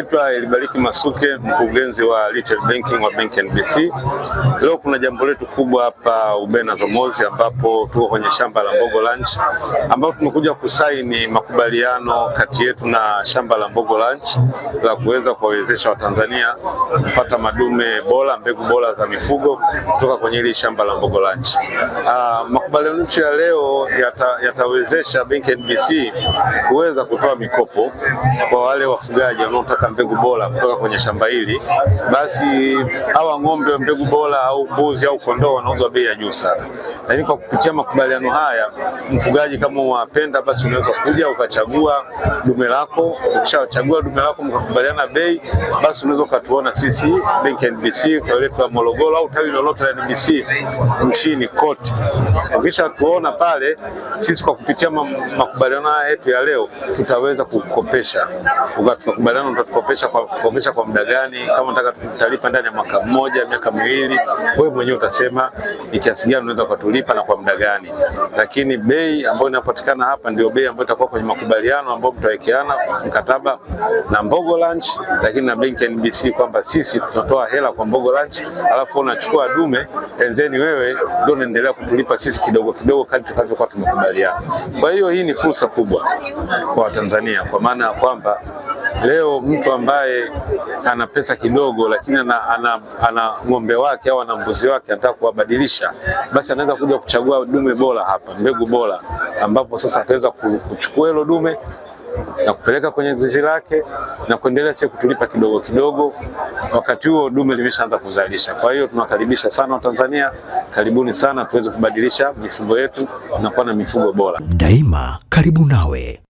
Naitwa Elibariki Masuke, mkurugenzi wa retail banking wa Bank NBC. Leo kuna jambo letu kubwa hapa Ubena Zomozi, ambapo tuko kwenye shamba la Mbogo Ranch, ambapo tumekuja kusaini makubaliano kati yetu na shamba la Mbogo Ranch la kuweza kuwawezesha Watanzania kupata madume bora, mbegu bora za mifugo kutoka kwenye hili shamba la Mbogo Ranch. Uh, makubaliano yetu ya leo yatawezesha yata NBC kuweza kutoa mikopo kwa wale wafugaji wanaotaka kupata mbegu bora kutoka kwenye shamba hili, basi hawa ng'ombe wa mbegu bora au mbuzi au kondoo wanauzwa bei ya juu sana. Lakini kwa kupitia makubaliano haya, mfugaji kama unapenda, basi unaweza kuja ukachagua dume lako. Ukishachagua dume lako mkakubaliana bei, basi unaweza ukatuona sisi benki ya NBC kwa letu la Morogoro au tawi lolote la NBC nchini kote. Ukisha tuona pale, sisi kwa kupitia makubaliano haya yetu ya leo tutaweza kukopesha, tukakubaliana kukopesha kwa, kukopesha kwa muda gani, kama unataka tutalipa ndani ya mwaka mmoja miaka miwili, wewe mwenyewe utasema ni kiasi gani unaweza kutulipa na kwa muda gani. Lakini bei ambayo inapatikana hapa ndio bei ambayo itakuwa kwenye makubaliano ambayo mtawekeana mkataba na Mbogo Ranch, lakini na benki ya NBC kwamba sisi tunatoa hela kwa Mbogo Ranch, alafu unachukua dume enzeni, wewe ndio unaendelea kutulipa sisi kidogo kidogo kadri tutakavyokuwa tumekubaliana. Kwa hiyo hii ni fursa kubwa kwa Watanzania kwa maana ya kwamba Leo mtu ambaye ana pesa kidogo, lakini ana, ana, ana ng'ombe wake au ana mbuzi wake anataka kuwabadilisha, basi anaweza kuja kuchagua dume bora hapa, mbegu bora, ambapo sasa ataweza kuchukua hilo dume na kupeleka kwenye zizi lake na kuendelea sio kutulipa kidogo kidogo, wakati huo dume limeshaanza kuzalisha. Kwa hiyo tunakaribisha sana Watanzania, karibuni sana tuweze kubadilisha mifugo yetu na kuwa na mifugo bora. Daima karibu nawe.